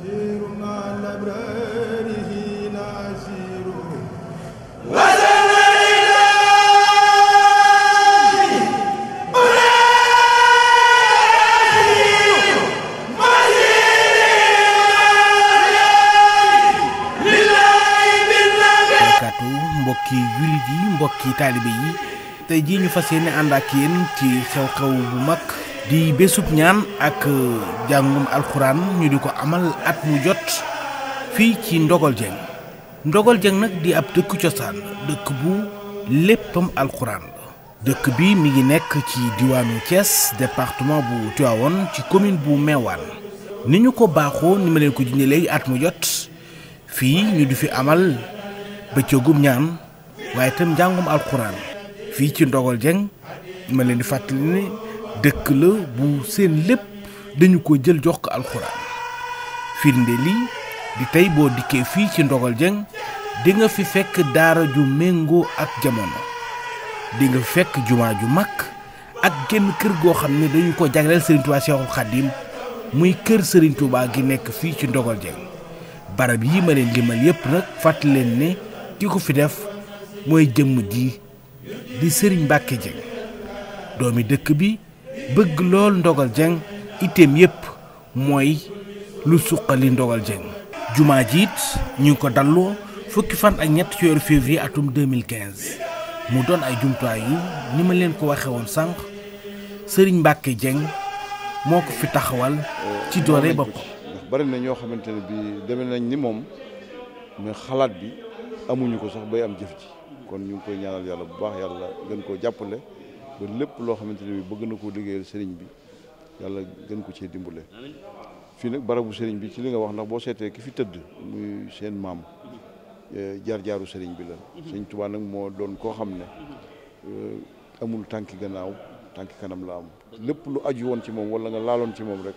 mbokki jullit yi mbokki taalibe yi tey jii ñu fas yéene ànd ci xew-xew bu mag di bésub ñaan ak euh, jàngum alxuraan ñu di ko amal at mu jot fii ci Ndogol Dieng Ndogol Dieng nag di ab dëkk cosaan dëkk bu léppam alxuraan dëkk bi mi ngi nekk ci diwaanu cees departement bu Tivaouane ci commune bu Meouane ni ñu ko baaxoo ni ma leen ko junjee léegi at mu jot fii ñu di fi amal bëccëgum ñaan waaye itam njàngum alxuraan fii ci Ndogol Dieng ma leen di fàttali ni dëkk la bu séen lépp dañu ko jël jox ko alxuraan firnde lii di tey boo dikkee fii ci Ndogal jën di nga fi fekk daara ju méngoo ak jamono di nga fi fekk jumaa ju mag ak genn kër goo xam ne dañu ko jagleel Serigne Touba Cheikhul muy kër Serigne Touba gi nekk fii ci Ndogal jën barab yi ma leen limal yépp nag fàttali leen ne ki ko fi def mooy jëmm ji di Serigne Mbacke Dieng doomi dëkk bi. bëgg lool Ndogal Dieng iteem yépp mooy lu suqali Ndogal Dieng jumaa jiit ñu ko dalloo fukki fan ak ñett ci weeru février atum 2015 mu doon ay jumtuwaay yu ni ma leen ko waxe woon sànq Serigne Mbacke Dieng moo ko fi taxawal ci doole bopp bari na ñoo xamante ne bi demee nañ ni moom mais xalaat bi amuñu ko sax bay am jëf ji kon ñu ngi koy ñaanal yàlla bu baax yàlla gën koo jàppale ba lépp loo xamante ne bi bëgg na koo liggéeyal sëriñ bi yàlla gën ko cee dimbule fii nag barabu sëriñ bi ci li nga wax ndax boo seetee ki fi tëdd muy seen maam eh, jaar-jaaru sëriñ bi la sëriñ Tuubaa nag moo doon koo xam ne eh, amul tànki gannaaw tànki kanam la am lépp lu aju woon ci moom wala nga laaloon ci moom rek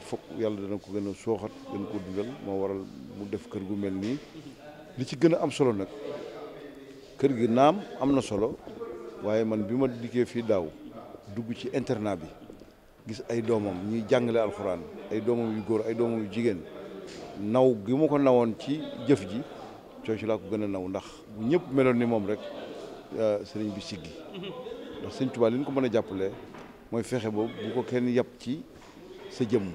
fokk yàlla dana ko gën a sooxat gën ko dundal moo waral mu def kër gu mel nii li ci gën a am solo nag kër gi naam am na solo waaye man bi ma dikkee fii daaw dugg ci internat bi gis ay doomam ñuy jàngale alxuraan ay doomam yu góor ay doomam yu jigéen naw gi ma ko nawoon ci jëf ji coo ci laa ko gën a naw ndax bu ñëpp meloon ni moom rek euh, sëriñ bi siggi ndax sëñ Tuubaa li ñu ko mën a jàppale mooy fexe boobu bu ko kenn yàpp ci sa jëmm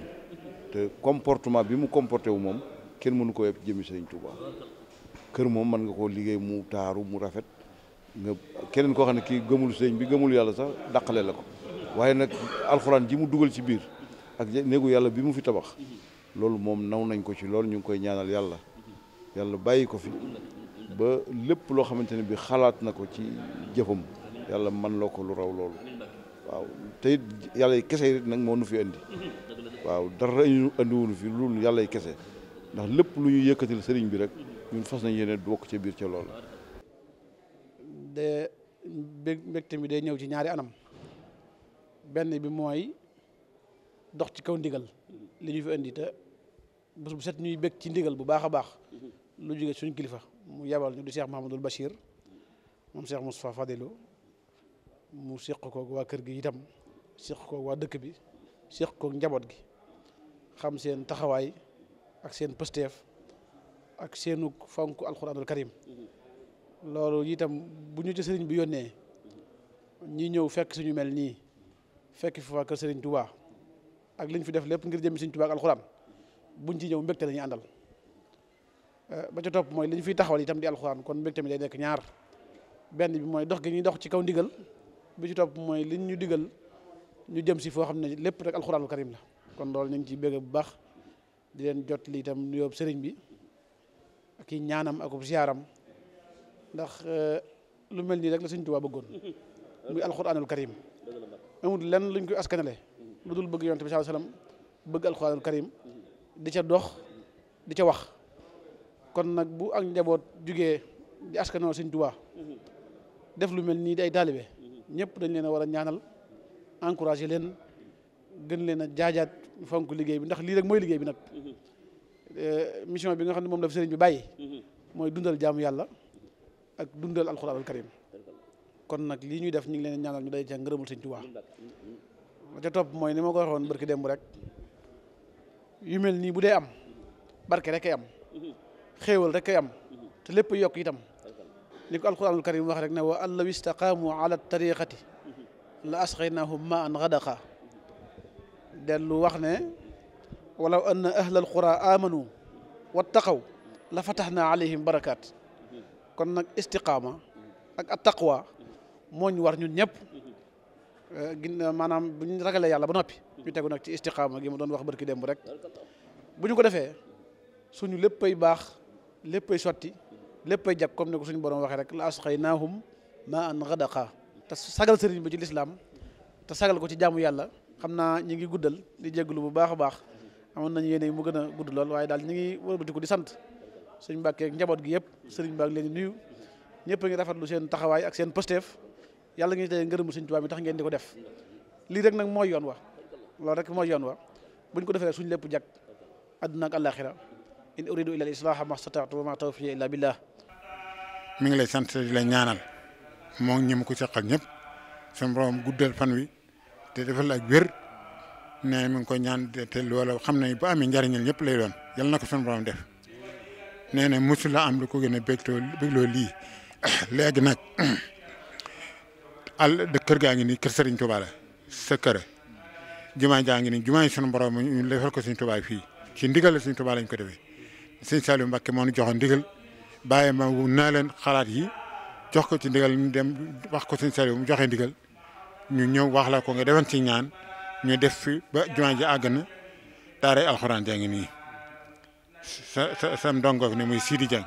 te comportement bi mu comporté wu moom kenn mënu ko yàpp ci jëmmi sëriñ Tuubaa kër moom mën nga koo liggéey mu taaru mu rafet nga keneen koo xam ne kii gëmul sëñ bi gëmul yàlla sax dàqale la ko waaye nag alxuraan ji mu dugal ci biir ak néegu yàlla bi mu fi tabax loolu moom naw nañ ko ci loolu ñu ngi koy ñaanal yàlla yàlla bàyyi ko fi ba lépp loo xamante ne bi xalaat na ko ci jëfam yàlla man loo ko lu raw loolu waaw te yàlla yi kese it nag moo nu fi andi waaw dara ñu andiwunu fi loolu yàlla yi kese ndax lépp lu ñu yëkkatil sëriñ bi rek ñun fas nañ du bokk ca biir ca loolu de mbégte mi day ñëw ci ñaari anam benn bi mooy dox ci kaw ndigal li ñuy fi indi te bu set ñuy bég ci ndigal bu baax a baax lu jóge suñ kilifa mu yebal ñu di Cheikh Mahamadul Bachir moom Cheikh Moustapha Fadilou mu séq koog waa kër gi itam séq koog waa dëkk bi séq koog njaboot gi xam seen taxawaay ak seen pësteef ak seenu fonk alxuraanul karim loolu itam bu ñu ci sëriñ bi yónnee ñi ñëw fekk suñu mel nii fekk fi waa kër sëriñ Touba ak liñ fi def lépp ngir jëm sëriñ Touba ak alxuraan buñ ci ñëw mbégte la ñuy àndal eh, mooy li ñu fiy taxawal itam di alxuraan kon mbégte mi day nekk ñaar benn bi mooy dox gi ñuy dox ci kaw ndigal bi ci topp mooy liñ ñu digal ñu jëm si foo xam ne lépp rek alxuraanul karim la kon loolu ñu ngi ciy bégg bu baax di leen jot lii itam sëriñ bi ak i ñaanam akub ziaram ndax euh, lu mel nii rek la Sëñ Tuubaa bëggoon muy alxuraanul karim amul lenn luñ koy askanale lu dul bëgg yonent bi sallallahu alayhi wasallam bëgg alxuraanul karim di ca dox di ca wax kon nag bu ak njaboot jugee di askanoo Sëñ Tuubaa def lu mel nii di ay taalibe ñëpp dañ leen a war a ñaanal encouragé leen gën leen a jaajaat fonk liggéey bi ndax lii rek mooy liggéey bi nag euh, mission bi nga xam ne moom la fi sëriñ bi bàyyi mooy dundal jaamu yàlla ak dundal alxuraan al karim kon nag lii ñuy def ñu ngi leen ñaanal ñu day ca ngërëmul sëñ Tuubaa la ca topp ni ma ko waxoon barki démb rek yu mel nii bu dee am barke rek kay am xéewal rek am te lépp yokk itam ni ko alxuraanul karim wax rek ne wa allaw istaqaamu ala tariqati la asqaynahum ma an gadaqa dellu wax ne walaw anna ahlal qura amanu wattaqaw la fataxna alayhim barakaat kon nag istiqaama ak attaqwa moo ñu war ñun ñëpp eh, gin maanaam bu ñu ragalee yàlla ba noppi ñu tegu nag ci istiqaama gi ma doon wax barki démb rek bu ñu ko defee suñu léppay baax léppay sotti léppay jag comme ni ko suñu borom waxee rek la asqaynaahum maa an gadaqa te sagal sëriñ bi ci lislaam te sagal ko ci jaamu yàlla xam naa ñi ngi guddal di jégalu bu baax a baax amoon nañu yéene mu gën a gudd lool waaye daal ñi ngi ku di sant sëñ Mbàkke ak njaboot gi yëpp sëriñ Mbàkke leen nuyu ñëpp a ngi lu seen taxawaay ak seen pësteef yàlla ngi tey ngërëmu sëñ Tuubaa mi tax ngeen di ko def lii rek nag mooy yoon wa loolu rek mooy yoon wa buñ ko defee suñ lépp jag àdduna ak àllaaxira in uridu illa al-islaaha ma stataatu wa ma tawfiqi illa billah mi ngi lay sant di la ñaanal moom ñi mu ko seqal ñëpp sama borom guddal fan wi te defal ak wér ne mi ngi koy ñaan te loolu xam nañ bu amee njariñal ñëpp lay doon yal na ko sunu borom def nee na mosul la am lu ko gën a bégloo bégloo lii léegi nag al de kër gaa ngi nii kër Serigne Touba la sa jumaa jaa ngi nii jumaa yi sunu borom ñu defal ko Serigne Touba fii ci ndigal la Serigne Touba lañ ko defee moo ñu joxoon ndigal bàyyi ma naa leen xalaat yi jox ko ci ndigal ñu dem wax ko Serigne Saliou mu joxe ndigal ñu ñëw wax la ko nga defoon ci ñaan ñu def fi ba jumaa ji àgg na daaray alxuraan jaa ngi nii. sa sa sam dongoog ne muy Sidi Dieng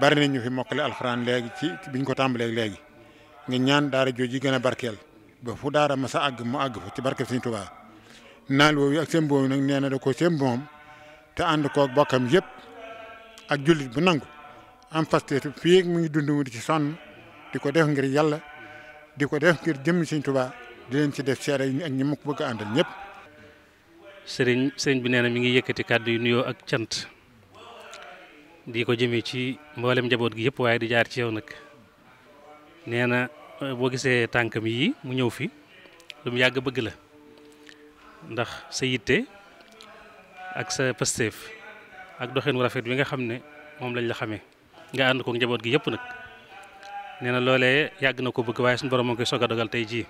bari na ñu fi mokkale alxuraan léegi ci biñ ko tàmbalee léegi ngi ñaan daara jooju gën a barkeel ba fu daara ma sa àgg mu àgg fa ci barkeel Sëriñ Tuubaa naal woowu ak seen boobu nag nee na da ko seen moom te ànd koog bokkam yëpp ak jullit bu nangu am pasteetu fii mu ngi dund di ci sonn di ko def ngir yàlla di ko def ngir jëmm Sëriñ tubaa di ci def seere ak ñi mu ko bëgg a ñëpp. sëriñ sëriñ bi nee na mi ngi yëkkati kàddu yu nuyoo ak cant di ko jëmee ci mboolem njaboot gi yëpp waaye di jaar ci yow nag nee na euh, boo gisee tànkam yii mu ñëw fi lu mu yàgg bëgg la ndax sa yitte ak sa pasteef ak doxin wu rafet bi nga xam ne moom lañ la xamee nga ànd ko njaboot gi yëpp nag nee na loolee yàgg na ko bëgg waaye suñu borom moo koy soog a dogal tey jii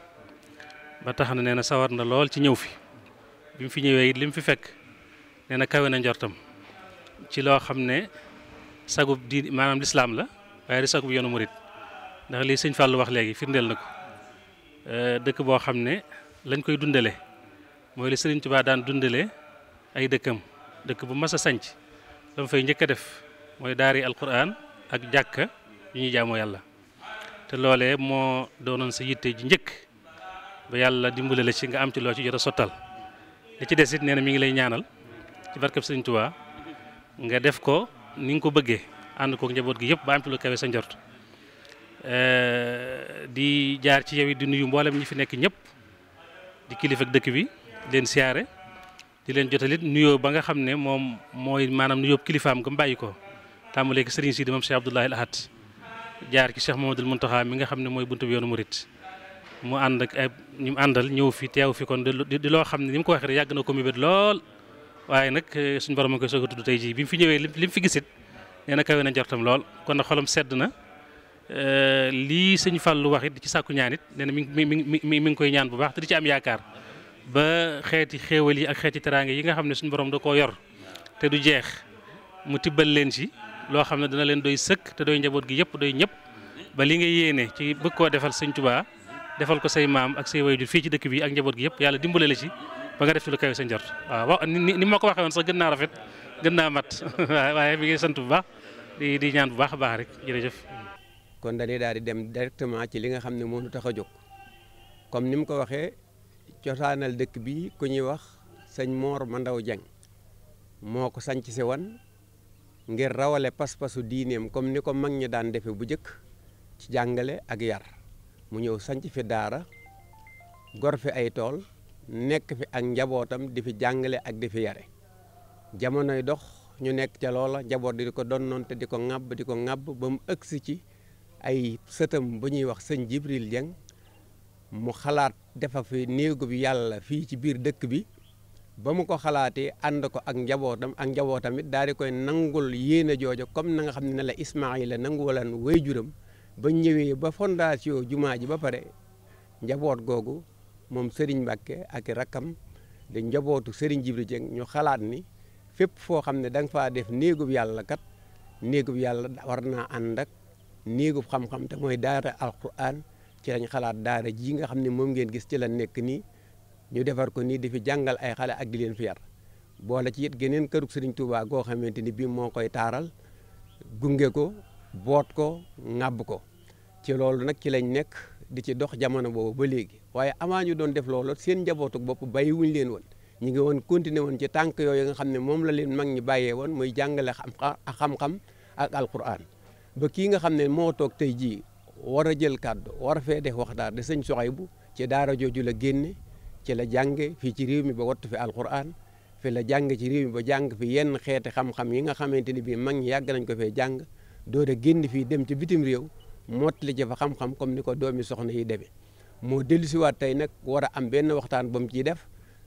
ba tax na nee na sawar na lool ci ñëw fi. bi mu fi ñëwee it li mu fi fekk nee na kawe na njortam ci loo xam ne sagub di maanaam lislaam la waaye di sagub yoonu murit ndax lii sëñ Fallou wax léegi firndeel na ko dëkk boo xam ne lañ koy dundale mooy li Sëriñ Tuubaa daan dundale ay dëkkam dëkk bu mas a sanc la mu fay njëkk a def mooy daari alquran ak jàkka yu ñu jaamoo yàlla te loolee moo doonoon sa yitte ji njëkk ba yàlla dimbale la ci nga am ci loo ci jot a sottal li ci des it nee na mi ngi lay ñaanal ci barkeb Sëriñ Tuubaa nga def ko ni nga ko bëggee ànd kook njaboot gi yëpp ba am ci lu kawe sa njort di jaar ci yow di nuyu mboolem ñu fi nekk ñëpp di kilifa dëkk bi leen siyaare di leen jotalit nuyoo ba nga xam ne moom mooy maanaam nuyoo kilifaam gam bàyyi ko tàmbalee ki sëriñ si di moom Cheikh Abdoulahi Ahad jaar ci Cheikh Mamadou Mountakha mi nga xam ne mooy buntu bi yoonu murit mu ànd ak ay ñu àndal ñëw fi teew fi kon di loo xam ne ni mu ko waxee rek yàgg na ko mébét lool waaye nag eh, suñu borom a koy soog a tey jii bi fi ñëwee li mu fi gisit nee na kawe na njortam lool kon na xolam sedd na eh, lii sëñ Fallou wax it di ci sàkku ñaan it nee na mi mi mi ngi koy ñaan bu baax te ci am yaakaar ba xeeti xéewal yi ak xeeti teraanga yi nga xam ne suñu borom da koo yor te du jeex mu tibbal leen ci loo xam ne dana leen doy sëkk te doy njaboot gi yëpp doy ñëpp ba li nga yéene ci bëgg koo defal sëñ Tuubaa defal ko say maam ak say waajur fii ci dëkk bi ak njaboot gi yëpp yàlla dimbale la ci ba nga def ci lu kawe sa njort waaw ni ma ko waxee woon gën naa rafet gën naa mat waaye mi ngi sant bu baax di di bu baax a baax rek jërëjëf. kon dañuy daal di dem directement ci li nga xam ne moo ñu tax a jóg comme ni mu ko waxee cosaanal dëkk bi ku ñuy wax sëñ Mor Mandaw Dieng moo ko sanc si wan ngir rawale pas-pasu diineem comme ni ko mag ñi daan defee bu njëkk ci jàngale ak yar. mu ñëw sanc fi daara gor fi ay tool nekk fi ak njabootam di fi jàngale ak di fi yare jamonoy dox ñu nekk ca loola njaboot di ko donnoonte di ko ŋàbb di ko ŋàbb ba mu ëgsi ci ay sëtam ba ñuy wax sëñ Jibril Dieng mu xalaat defa fi néegu bi yàlla fii ci biir dëkk bi ba mu ko xalaatee ànd ko ak njabootam ak njabootam it daal di koy nangul yéene joojo comme na nga xam ne ne la Ismaayila nangu walan juram ba ñëwee ba fondation jumaa ji ba pare njaboot googu moom Serigne Mbakke ak rakkam di njabootu Serigne Jibril Dieng ñu xalaat ni fépp foo xam ne da fa def néegub yàlla kat néegub yàlla war naa ànd ak néegub xam-xam te mooy daara alquran ci lañ xalaat daara jii nga xam ne moom ngeen gis ci la nekk nii ñu defar ko nii di fi jàngal ay xale ak di leen fi yar boole ci it geneen kërug Serigne Touba goo xamante ni bii moo koy taaral gunge ko. boot ko ŋàbb ko ci loolu nag ci lañ nekk di ci dox jamono boobu ba léegi waaye amaa ñu doon def loolu seen njabootu bopp bàyyiwuñ leen won ñu ngi woon continué woon ci tànk yooyu nga xam ne moom la leen mag ñi bàyyee woon muy jàngale xam-xam ak alquran ba kii nga xam ne moo toog tey jii war a jël kàddu war fee def waxtaan de bu Soxaybu ci daara jooju la génne ci la jànge fii ci réew mi ba wattu fi alquran fi la jànge ci réew mi ba jàng fi yenn xeeti xam-xam yi nga xamante ni bii mag yàgg nañ ko fee jàng door a génn fii dem ci bitim réew mottali jafa xam-xam comme ni ko doomi soxna yi demee moo dellusiwaat tey nag war a am benn waxtaan ba mu ciy def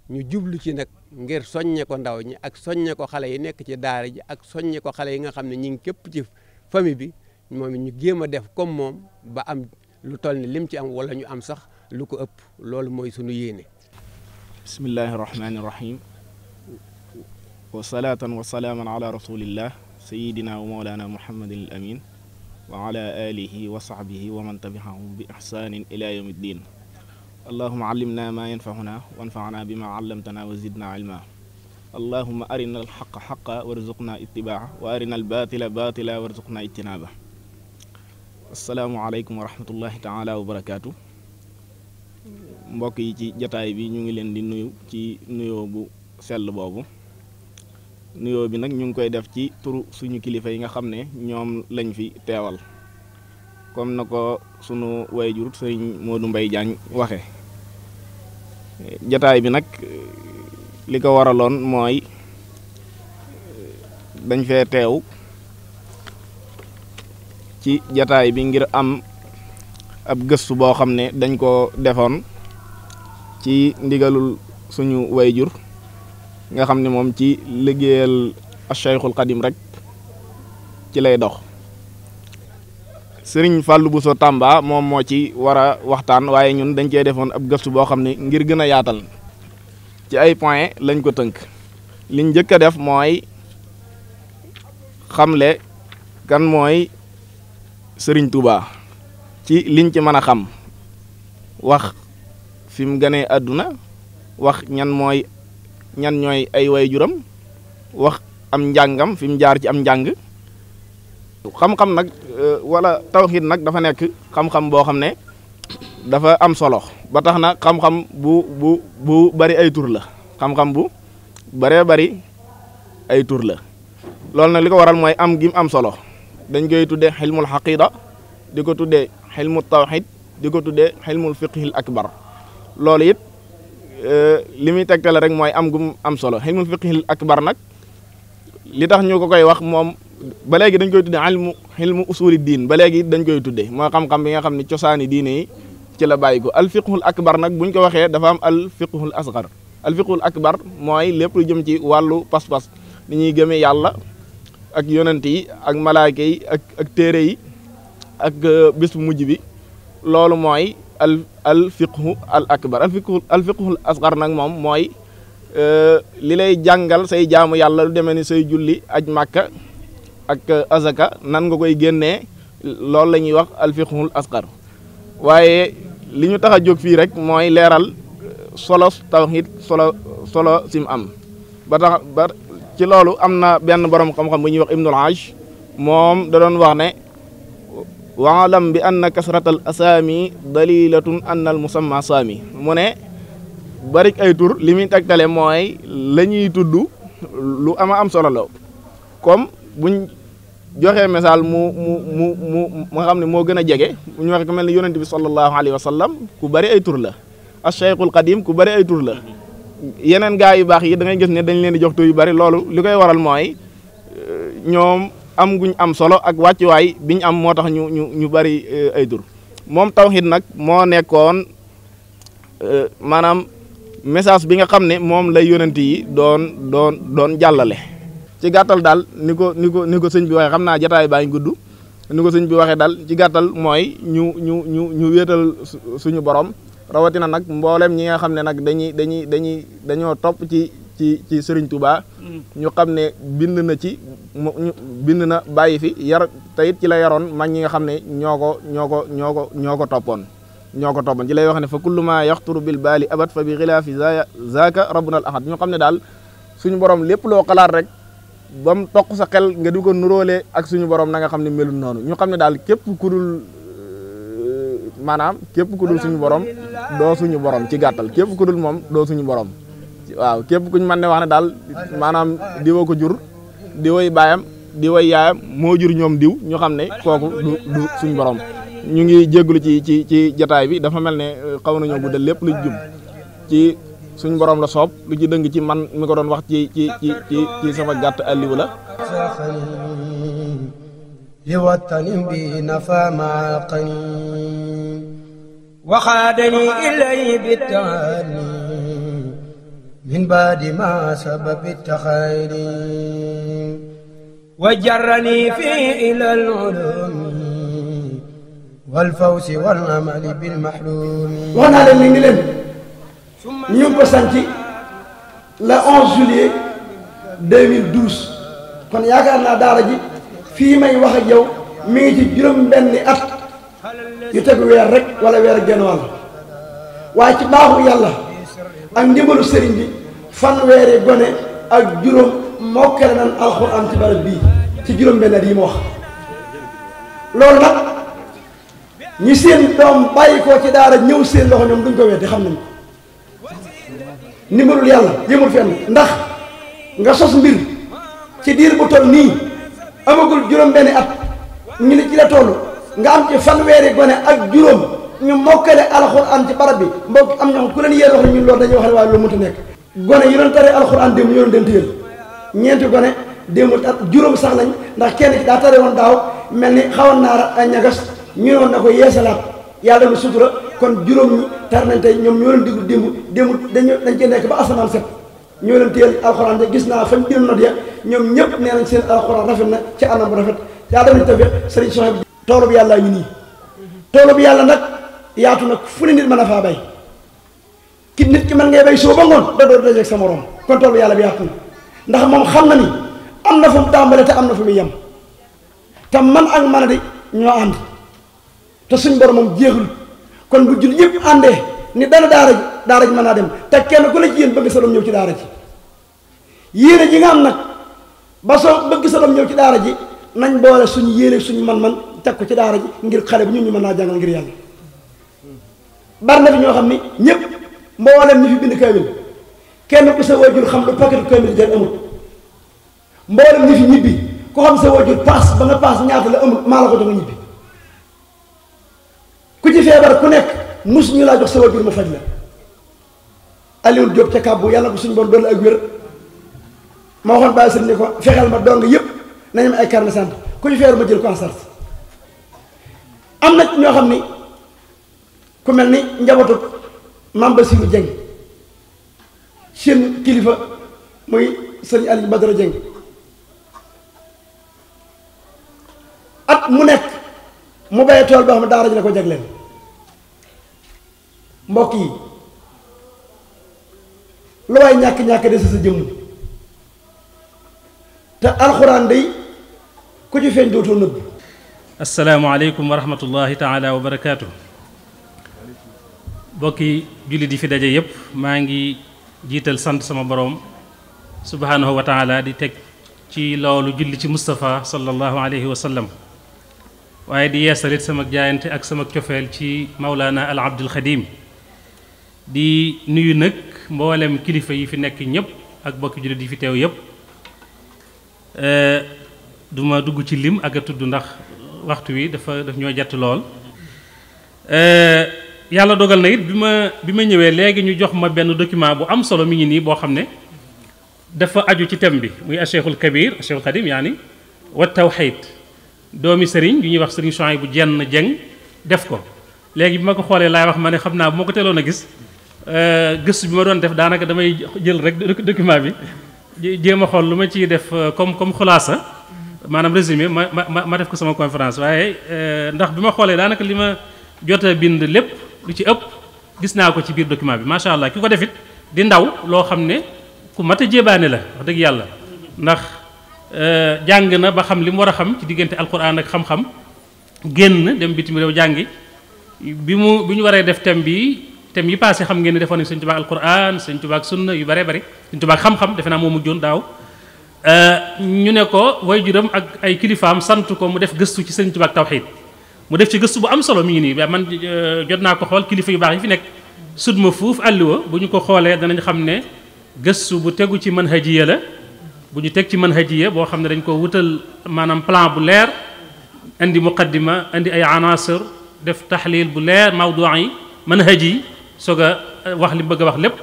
ñu jublu ci nag ngir soññe ko ndaw ñi ak soññe ko xale yi nekk ci daara ji ak soññe ko xale yi nga xam ne ñu ngi képp ci famille bi moom ñu jéem a def comme moom ba am lu tol ni lim ci am wala ñu am sax lu ko ëpp loolu mooy sunu yéene bismillahi rahmaani rahim wa salaatan wa salaaman ala rasulillah sayidina wa mawlana muhammadin al amin wa ala alihi wa sahbihi wa man tabiahum bi ihsanin ila yawmi ddin allahuma allimna ma yanfauna wanfana bima allamtana wa zidna ilma allahuma arina alxaqa xaqa warzuqna itibaa wa arina albatila batila warzuqna ijtinaba asalaamualeykum wa rahmatullahi taala wa barakaatu mbokk yi ci jataay bi ñu ngi leen di nuyu ci nuyoo bu sell boobu nuyoo bi nag ñu ngi koy def ci turu suñu kilifa yi nga xam ne ñoom lañ fi teewal comme na ko suñu wayjur sëriñ Modou Mbaye Diagne waxe jataay bi nag li ko waraloon mooy dañ fee teew ci jataay bi ngir am ab gëstu boo xam ne dañ ko defoon ci ndigalul suñu wayjur nga xam ni moom ci liggéeyal Cheikhul Xadim rek ci lay dox sëriñ Fallou Bousso Tamba moom moo ci war a waxtaan waaye ñun dañ cee defoon ab gëstu boo xam ne ngir gën a yaatal ci ay point lañ ko tënk liñ njëkk a def mooy xamle kan mooy sëriñ tubaa ci liñ ci mën a xam wax fi mu gënee àdduna wax ñan mooy ñan ñooy ay waajuram wax am njàngam fi mu jaar ci am njàng xam-xam nag euh, wala tawxiid nag dafa nekk xam-xam boo xam ne dafa am solo ba tax na xam-xam bu bu bu bari ay tur la xam bu baree bari ay tur la loolu nag li ko waral mooy am gim am solo dañ koy tuddee xilmul xaqida di ko tuddee xilmul tawxiid di ko tuddee xilmul fiqhil akbar loolu it Euh, li muy tegtale rek mooy am gum am solo ilmul fiqhil akbar nag li tax ñu ko koy wax moom ba léegi dañ koy tudde ilmu ilmu usuli diin ba léegi dañ koy tudde mooy xam-xam bi nga xam ne cosaani diine yi ci la bàyyi ko al fiqhul akbar nag buñ ko waxee dafa am al fiqhul asgar al fiqhul akbar mooy lépp lu jëm ci wàllu pas-pas ni ñuy gëmee yàlla ak yonant yi ak malaayka yi ak ak téere yi ak euh, bis bu mujj bi loolu mooy al fiqhu al akbar al fiqhu al fiqhu al nag moom mooy eh, li lay jàngal say jaamu yàlla lu demee ni say julli aj màkka ak eh, azaka nan nga koy génnee loolu la ñuy wax al fiqhul asgar waaye li ñu tax a jóg fii rek mooy leeral eh, solo tawhid solo solo sim am ba tax ba ci loolu am na benn borom xam-xam bu ñuy wax Ibnul Hajj moom da doon wax ne walam bi anna kasratal asaami dalilatun anna al musamma saami mu ne barik ay tur li muy tegtale mooy la ñuy tudd lu ama am solo la comme buñ joxee misaal mu mu mu mu mu nga xam ne moo gën a jege ñu wax ko mel ne yonent bi sallallahu alayhi wa ku bari ay tur la as cheikhul qadim ku bari ay tur la yeneen gaa yu baax yi dangay ngay gis ne dañ leen di jox tur yu bari loolu li koy waral mooy ñoom. am guñ am solo ak wàccuwaay bi ñu am moo tax ñu ñu ñu bari eh, ay tur moom tawxiid nag moo nekkoon eh, maanaam message bi nga xam ne moom lay yonent yi doon doon doon jàllale. ci gàttal daal ni ko ni ko ni ko sëñ bi waxee xam naa jataay baa guddu ni ko sëñ bi waxee daal ci gàttal mooy ñu ñu ñu ñu wéetal suñu borom rawatina nag mboolem ñi nga xam ne nag dañuy dañuy dañuy dañoo topp ci. ci ci Serigne Touba. Mm. ñu xam ne bind na ci bind na bàyyi fi yar tayit ci la yaroon mag ñi nga xam ne ñoo ko ñoo ko ñoo ko ñoo ko toppoon. ñoo ko toppoon ci lay wax ne fa kullu ma yaxturu bil baali abat fa bi xilaafi zaaka rabbuna al ahad ñu xam ne daal suñu borom lépp loo xalaat rek. ba mu toq sa xel nga di ko nuróole ak suñu borom na nga xam ne melul noonu ñu xam ne daal képp ku dul maanaam képp ku dul suñu borom doo suñu borom ci gàttal képp ku dul moom doo suñu borom. waaw képp kuñ mën ne wax ne daal maanaam diwa ko jur diway baayam diway yaayam moo jur ñoom diw ñu xam ne kooku du suñ borom ñu ngi jégglu ci ci ci jataay bi dafa mel ne euh, xaw nañoo guddal lépp lu jub ci suñ borom la soob lu ci dëng ci man mi ko doon wax ci ci ci ci sama gàtt alliwu la من بعد ما سبب التخير وجرني في إلى العلوم والفوز والأمل بالمحلوم وانا لن نجلن نيوم بسانتي le 11 juillet 2012 kon yaakaar naa daara ji fii may wax ak yow mi ngi ci juróom benni at yu tegu weer rek wala weer ak genn wàll waaye baaxu yàlla ak ndimbalu sëriñ bi fanweeri gone ak juróom mokkale nan alxuraan ci barab bii ci juróom benn yi mu wax loolu nag ñi seen doom bàyyi ko ci daara ñëw seen loxo ñoom duñ ko weddi xam nañ ko ndimbalul yàlla yëmul fenn ndax nga sos mbir ci diir bu toll nii amagul juróom benn at ñu ne ci la toll nga am ci fanweeri gone ak juróom ñu mokkale alxuraan ci barab bi mbokk am ñoo ku leen yéer wax ñun loolu dañuy wax waaye loolu mënta nekk gone yi doon taree alxuraan sax lañ ndax kenn ki daa tare woon daaw mel ni xawoon naa ñagas ñu ne na ko yeesalaat yàlla lu sutura kon juróom ñi ñoom ñoo leen diggu démb démb dañu dañ cee nekk ba asamaan set ñoo leen alxuraan gis naa fañ démb not ya ñoom ñëpp nee nañ seen alxuraan rafet na ci anam bu rafet yàlla def nañ tawfiq sëriñ soxeb toolu bi yàlla ñu nii toolu yàlla nag yaatu nag fu ne nit mën a faa bay ki nit ki mën ngay bay suba ba ngoon da doo dajeeg sa morom kon tool yàlla bi yaatu na ndax moom xam na ni am na fu mu tàmbale te am na fu muy yem te man ak man di ñoo ànd te suñ borom moom jeexul kon bu jul yëpp àndee ni dana daara ji daara ji mën naa dem te kenn ku ne ci yéen bëgg sa doom ñëw ci daara ji yéene ji nga am nag ba soo bëgg sa doom ñëw ci daara ji nañ boole suñu yéene suñu man-man teg ko ci daara ji ngir xale bu ñun mën naa jàngal ngir yàlla bari na fi ñoo xam ni ñëpp mboolem ñi fi bind kaamil kenn ku sa wajur xam lu paquetu kaamil jar amul mboolem ñi fi ñibbi ku xam sa wajur paas ba nga paas ñaata la amul maa la ko jox nga ñibbi ku ci feebar ku nekk mus ñu laa jox sa wajur ma faj la Aliou Diop ca kàbbu yàlla ko suñu boon doon ak wér ma waxoon bàyyi sëñ ko fexeel ma dong yëpp nañu am ay carnet sant ku ñu feebar ma jël ko en charge am na ñoo xam ni. ku mel ni njabootu Mame Bassirou Dieng seen kilifa muy sëñ Aliou Badara Dieng at mu nekk mu béye tool boo xam daara ji ko jagleen mbokk yi lu waay ñàkk-ñàkk de sa sa jëmm te alxuraan day ku ci feeñ dootoo nëbb asalaamaaleykum wa rahmatullahi taala wa barakaatu. bokki jullit yi fi daje yëpp maa ngi jiital sant sama boroom subhaanahu wa di teg ci loolu julli ci Moustapha sallallahu alayhi wa sallam waaye di yeesalit sama jaayante ak sama cofeel ci Maulana al Abdul Xadim di nuyu nag mboolem kilifa yi fi nekk ñëpp ak bokki jullit yi fi teew yëpp du ma dugg ci lim ak a tudd ndax waxtu wi dafa daf ñoo jatt lool. yàlla dogal na it bi ma bi ma ñëwee léegi ñu jox ma benn document bu am solo mi ngi nii boo xam ne dafa aju ci thème bi muy Cheikhul Kabir Cheikhul Khadim yaa ni wa tawhid doomi sëriñ yu ñuy wax sëriñ Chouaïb bu jenn jeng def ko léegi bi ma ko xoolee laay wax ma ne xam naa bu ma ko teeloon a gis euh, gëstu bi ma doon def daanaka damay jël rek document bi jéem a xool lu ma ciy def euh, comme comme xulaasa maanaam résumé ma ma ma def ko sama conférence waaye euh, ndax bi ma xoolee daanaka li ma jot bind lépp lu ci ëpp gis naa ko ci biir document bi macha allah ki ko defit di ndaw loo xam ne ku mat a jébaane la wax dëgg yàlla ndax euh, jàng na ba xam li mu war a xam ci diggante alquran ak xam-xam génn dem bitim réew jàngi bi mu bi ñu waree def thème bi thème yi passé xam ngeen ne defoon nañu sëñ tubaab alquran sëñ tubaab sunna yu bare bari sëñ tubaab xam-xam defe naa moo mujjoon daaw euh, ñu ne ko way juram ak ay kilifaam sant ko mu def gëstu ci sëñ tubaab tawxiid mu def ci gëstu bu am solo mi ngi nii ba man euh, jot naa ko xool kilifa yu baax yi fi nekk sut ma fuuf àlluwa bu ñu ko xoolee danañ xam ne gëstu bu tegu ci man manhajiya la bu ñu teg ci manhajiya boo xam ne dañ ko wutal maanaam plan bu leer indi muqaddima indi ay anasir def taxliil bu leer mawduwaay yi manhaji yi soog a euh, wax li bëgg a wax lépp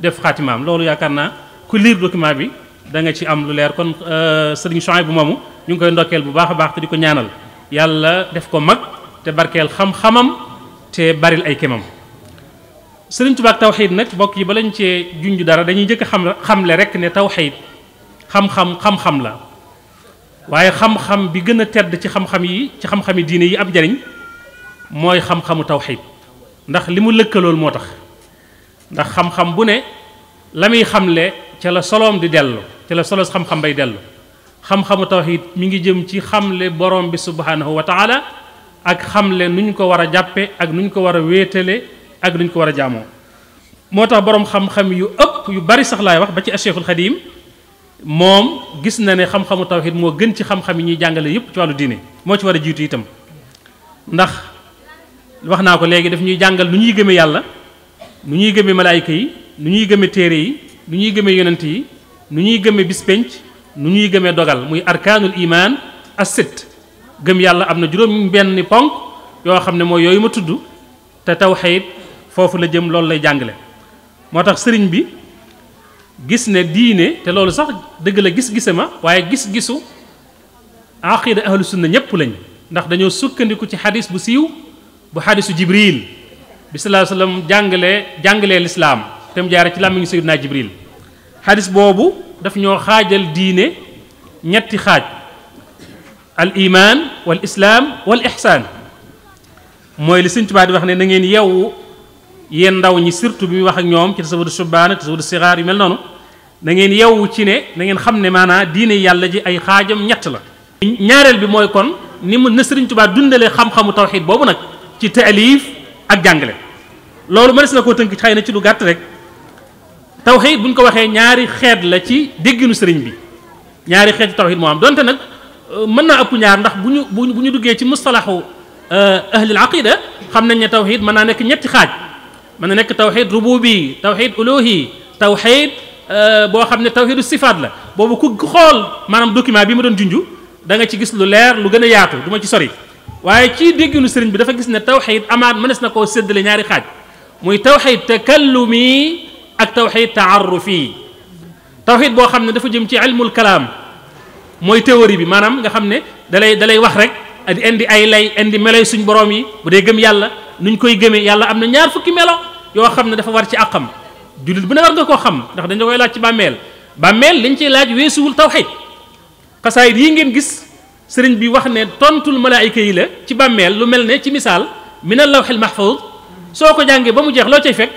def xaatimaam loolu yaakaar naa ku liir document bi da nga ci am lu leer kon euh, sëriñ Chouaïbou bu moomu ñu ngi koy ndokkeel bu baax a baax te di ko ñaanal yàlla def ko mag te barkeel xam-xamam te baril ay kemam sëriñ Tuubaa ak tawxiid nag bokk yi ba lañ cee junj dara dañuy njëkk xam xamle rek ne tawxiid xam-xam xam la waaye xam-xam bi gën a tedd ci xam-xam yi ci xam-xami diine yi am jariñ mooy xam-xamu tawxiid ndax li mu lëkkalool moo tax ndax xam-xam bu ne la muy xamle ca la soloom di dellu ca la solos xam-xam bay dellu xam-xamu tawxiid mi ngi jëm ci xamle borom bi subhaanahu wa taala ak xamle nu ñu ko war a jàppe ak nu ñu ko war a wéetale ak nu ñu ko war a jàmmoo moo tax boroom xam-xam yu ëpp yu bari sax laay wax ba ci Cheikhul Xadim moom gis na ne xam-xamu tawxiid moo gën ci xam-xam yi ñuy jàngale yëpp ci wàllu diine moo ci war a jiitu itam ndax wax naa ko léegi daf ñuy jàngal nu ñuy gëme yàlla nu ñuy gëme malaayka yi nu ñuy gëme téere yi nu ñuy gëme yonent yi nu ñuy gëme bis penc nu ñuy gëmee dogal muy arkaanul iman as-sitt gëm yàlla am na juróom benn ponk yoo xam ne mooy yooyu ma tudd te tawxiid foofu la jëm loolu lay jàngale moo tax sëriñ bi gis ne diine te loolu sax dëgg la gis-gise ma waaye gis-gisu aqida ahlu na ñépp lañ ndax dañoo sukkandiku ci xadis bu siiw bu xadisu jibril bi sallallahu alayhi wasallam jàngalee jàngalee lislaam te mu jaare ci làmmiñu sayyidina jibril xadis boobu daf ñoo xaajal diine ñetti xaaj al iman wal islaam wal ixsaan mooy li Sëñ Tuubaa di wax ne na ngeen yeewu yéen ndaw ñi surtout bi muy wax ak ñoom ci tasawudu subbaana tasawudu sixaar yu mel noonu na ngeen yeewu ci ne na ngeen xam ne maanaa diine yàlla ji ay xaajam ñett la ñaareel bi mooy kon ni mu na Sëriñ Tuubaa dundalee xam-xamu tawxiid boobu nag ci taalif ak jàngale loolu mënees na koo tënk xëy na ci lu gàtt rek tawxiid bu ñu ko waxee ñaari xeet la ci dégginu sëriñ bi ñaari xeet ci tawxiid moo am donte nag euh, mën naa ëpp ñaar ndax bu ñu bu ñu duggee ci mustalaxu euh, ahlil aqida xam nañ ne tawxiid mën naa nekk ñetti xaaj mën na nekk tawxiid rububi tawxiid uluhi tawxiid euh, boo xam ne tawxiidu sifaat la boobu ku xool maanaam document bi ma doon junju da nga ci gis lu leer lu gën a yaatu du ma ci sori waaye ci dégginu sëriñ bi dafa gis ne tawxiid amaat mënees na koo séddale ñaari xaaj ak tawxid taarufi tawxid boo xam ne dafa jëm ci ilmul kalaam mooy théorie bi maanaam nga xam ne dalay dalay wax rek di indi ay lay indi meloy suñ borom yi bu dee gëm yàlla nuñ koy gëmee yàlla am na ñaar fukki melo yoo xam ne dafa war ci àqam jullit bu ne war nga koo xam ndax dañ koy laaj ci bàmmeel bàmmeel liñ ciy laaj weesuwul tawxid xasaayit yi ngeen gis sëriñ bi wax ne tontul malaayika yi la ci bàmmeel lu mel ne ci misaal min al lawxil mahfuz soo ko jàngee ba mu jeex loo cay fekk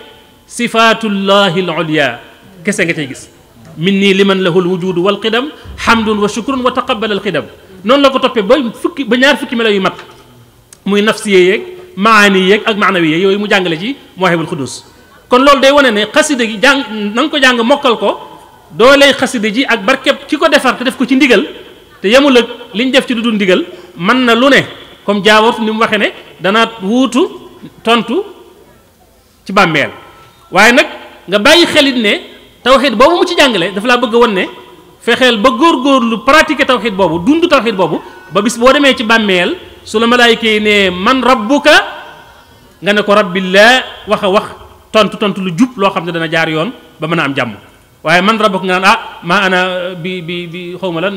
sifaatullahi al-ulya kese nga cay gis min nii liman lahu al-wujudu wal qidam hamdun wa shukrun wa taqabbal al-qidam noonu la ko toppee ba fukki ba ñaar fukki melo yu mat muy nafsiye yeeg maani yeeg ak maanawi yeeg yooyu mu jàngale ci Mawahibul Xudus kon loolu day wane ne xasida gi jàng na nga ko jàng mokkal ko doo lay xasida ji ak barkeb ki ko defar te def ko ci ndigal te yemul ak liñ def ci du dul ndigal man na lu ne comme jaawartu ni mu waxee ne dana wuutu tontu ci bàmmeel waaye nag nga bàyyi xelit ne tawxid boobu mu ci jàngale dafa laa bëgg won ne fexeel ba góor góorgóorlu pratiquer tawxid boobu dund tawxid boobu ba bis boo demee ci bàmmeel su la malaayika yi ne man rabbuka nga ne ko rabbillah wax a wax tontu tontu lu jub loo xam ne dana jaar yoon ba mën a am jàmm waaye man rabbuka nga naan ah maa ana bi bi bi xawma la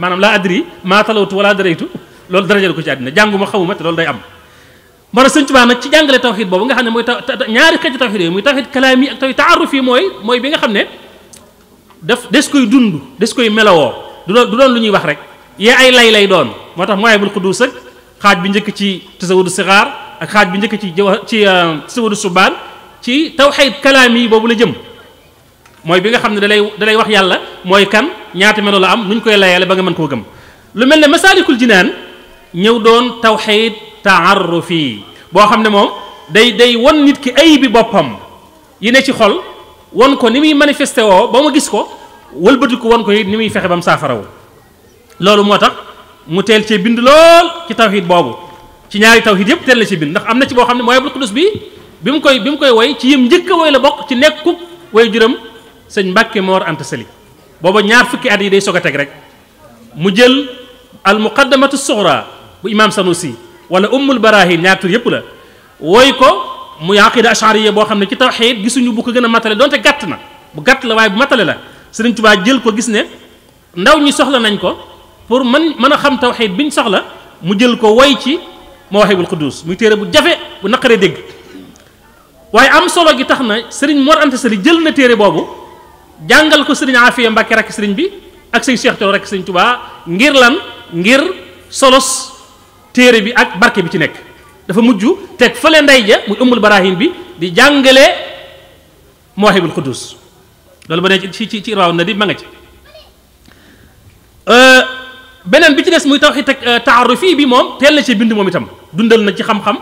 maanaam laa adri maa talawtu wala daraytu loolu dara jël ko ci àddina jànguma xawuma te loolu day am moo tax sëñ Tuubaa nag ci jàngale tawxiid boobu nga xam ne mooy ñaari xeeti muy tawxiid kalaam yi yi mooy mooy bi nga xam ne def des koy dund des koy melowoo du doon du doon lu ñuy wax rek yee ay lay lay doon moo tax mooy bul xudduus ak xaaj bi njëkk ci tasawudu sixaar ak xaaj bi njëkk ci ci uh, tasawudu subaan ci taw kalaam yi boobu la jëm mooy bi nga xam ne dalay dalay wax yàlla mooy kan ñaata melo la am nu ñu koy layale ba nga mën koo gëm lu mel ne masaalikul jinaan ñëw taarrufi boo xam ne moom day day won nit ki ay bi boppam yi ne ci xol won ko ni muy manifesté woo ba ma gis ko wëlbatiku won ko it ni muy fexe ba mu saafarawu loolu moo tax mu teel cee bind lool ci tawxiid boobu ci ñaari tawxiid yëpp teel la ci bind ndax am na ci boo xam ne mooy Abdul Qudus bi bi mu koy bi mu koy woy ci yëpp njëkk a woy la bokk ci nekkuk woy juram sëñ Mbàkke Moor Anta booba ñaar fukki at yi day soog a teg rek mu jël al muqaddamatu bu imaam Sanusi wala ummul barahin ñaar tur yëpp la wooy ko muy aqida ashariya boo xam ne ci tawxiid gisuñu bu ko gën a matale donte gàtt na bu gàtt la waaye bu matale la Sëriñ Tuubaa jël ko gis ne ndaw ñi soxla nañ ko pour mën mën a xam bi biñ soxla mu jël ko woy ci Mawaahibul Quddus muy téere bu jafe bu naqaree dégg waaye am solo gi tax na sëriñ Mor Anta Sali jël na téere boobu jàngal ko sëriñ Afiya Mbàkke rakk sëriñ bi ak sëriñ Cheikh Thioro rakk sëriñ ngir lan ngir téere bi ak barke bi ci nekk dafa mujj teg fële ndey ja muy ummul baraahin bi di jàngale mawahibul quddus loolu ba ne ci ci ci raw na di ma nga ci euh, beneen bi ci des muy tawxiid ak euh, taarufi bi moom teel na ci bind moom itam dundal na ci xam-xam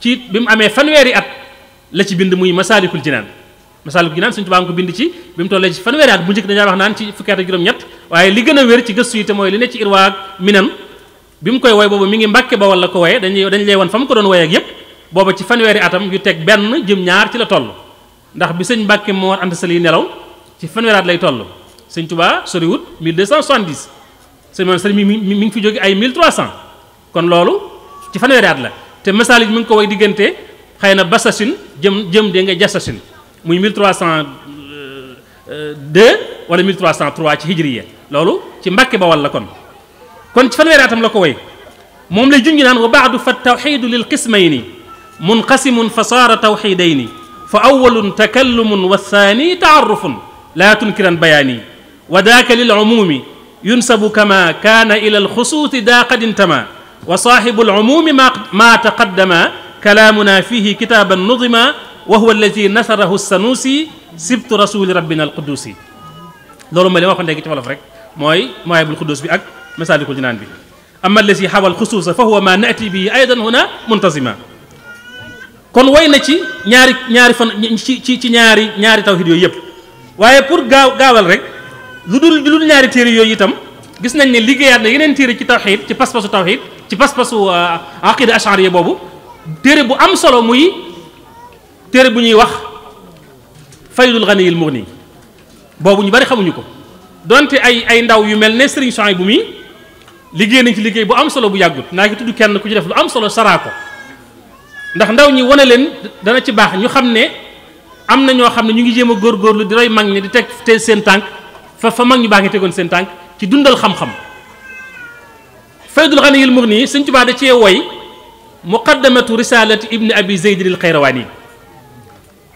ci bi mu amee fanweeri at la ci bind muy masaalikul jinaan masaalikul jinaan suñu tubaab ko bind ci bi mu tollee ci fanweeri at bu njëkk dañaa wax naan ci fukki at ak juróom-ñett waaye li gën a wér ci gëstu yi te mooy li ne ci irwaak minan bi mu koy woy boobu mi ngi mbàkke ba wala ko woye dañuy dañ lay woon fa mu ko doon woy ak yëpp booba ci fanweeri atam yu teg benn jëm ñaar ci la toll ndax bi sëñ mbàkke moo anta sali yi nelaw ci fanweeri at lay toll sëñ tubaa soriwut 1270 sëñ moom sëñ mi mi ngi fi jóge ay 1300 kon loolu ci fanweeri la te misaal yi mi ngi ko woy diggante xëy na basasin jëm jëm de nga jasasin muy 1302 euh, euh, wala 1303 ci hijriya loolu ci mbàkke ba wala kon kon ci fanweeri atam la ko woy moom lay junj naan wa baadu fa tawxidu lil qismayni munqasimun fa saara tawxidayni fa awalun takallumun wa thaani taarufun laa tunkiran bayaani wa daaka lil umumi yunsabu kama kaana ila alxusuusi daa qad intama wa saaxibu alumumi maa taqaddama kalaamuna fihi kitaaban nudima wa huwa alladi nasarahu sanuusi sibtu rasuli rabbina alqudusi loolu mooy li ma waxoon léegi ci wolof rek mooy mawaayibul quddus bi ak masaalikul jinaan bi ama allasi xawal xusuusa fa huwa ma nati bii aydan huna muntasima kon way na ci ñaari ñaari fan ci ci ci ñaari ñaari tawhid yooyu yëpp waaye pour gaaw gaawal rek lu dul lu dul ñaari téere yooyu itam gis nañ ne liggéeyaat na yeneen téere ci tawhid ci pas-pasu tawhid ci pas-pasu ah, aqida ashariya boobu téere bu am solo muy téere bu ñuy wax faydul ganiyil mugni boobu ñu bari xamuñu ko donte ay ay ndaw yu mel ne Serigne Souhaïbou bu mi liggéey nañ ci liggéey bu am solo bu yàggut naa ngi tudd ku ci def am solo saraa ndax ndaw ñi wane leen dana ci baax ñu xam ne am na ñoo xam ne ñu ngi jéem a góorgóorlu di roy mag ñi di teg te seen tànk fa fa mag ñu baax ngi tegoon seen tànk ci dundal xam-xam faydul xaniyil mux nii sëñ Tuubaa da cee woy muqaddamatu risalati ibni abi zeydin al xayrawaani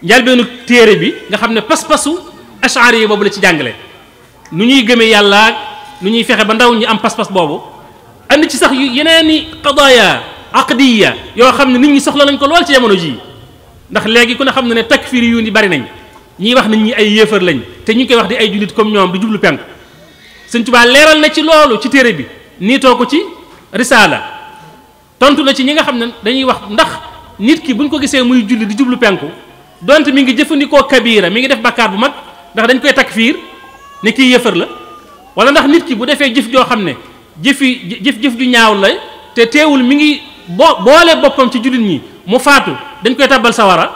njëlbeenu téere bi nga xam ne pas-pasu ashari yi boobu la ci jàngale nu ñuy gëmee yàlla nu ñuy fexe ba ndaw ñi am pas-pas boobu and ci sax yu yeneen i qadaaya aqdiya yoo xam ne nit ñi soxla nañ ko lool ci jamono jii ndax léegi ku ne xam ne ne takfir yu ni bari nañ ñiy wax nit ñi ay yéefar lañ te ñu koy wax di ay jullit comme ñoom di jublu penk Sëñ Tuubaa leeral na ci loolu ci téere bi niitoo ko ci risaala tontu na ci ñi nga xam ne dañuy wax ndax nit ki buñ ko gisee muy julli di jublu penku donte mi ngi jëfandikoo kabiira mi ngi def bakkaar bu mag ndax dañ koy takk takfiir ne kii yëfër la wala ndax nit ki bu defee jëf joo xam ne jëfi jëf jëf ju ñaaw la te teewul mi ngi bo boolee boppam ci jullit ñi mu faatu dañ koy tabbal sawara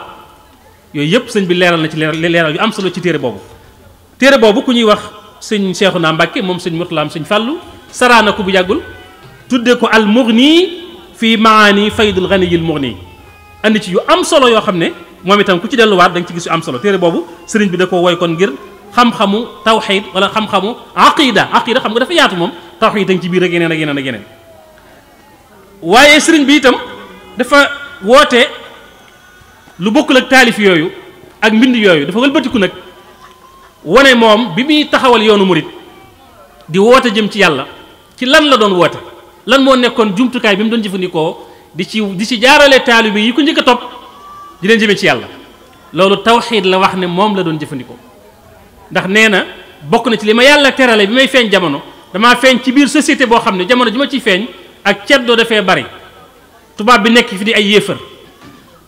yooyu yëpp sëñ bi leeral na ci leeral yu am solo ci téere boobu téere boobu ku ñuy wax sëñ Seexuna Mbàkke moom sëñ Murtalaam sëñ Fàllu saraana ko bu yàggul tuddee ko al nii fii maani faydul ghaniyil mughni andi ci yu am solo yoo xam ne moom itam ku ci delluwaat dañ ci gis yu am solo téere boobu sëriñ bi da ko woy kon ngir xam-xamu tawxid wala xam-xamu aqida aqida xam nga dafa yaatu moom tawxid dañ ci biir ak yeneen ak yeneen waaye sëriñ bi itam dafa woote lu bokkul ak taalif yooyu ak mbind yooyu dafa wëlbatiku nag wane moom bi muy taxawal yoonu murit di woote jëm ci yàlla ci lan la doon woote lan moo nekkoon jumtukaay bi mu doon jëfandikoo di ci di ci jaarale taalibe yi ku njëkk a topp di leen jëmee ci yàlla loolu tawxiid la wax ne moom la doon jëfandikoo ndax nee na bokk na ci li ma yàlla terale bi may feeñ jamono damaa feeñ ci biir société boo xam ne jamono ji ma ciy feeñ ak doo defee bari tubaab bi nekk fi di ay yéefar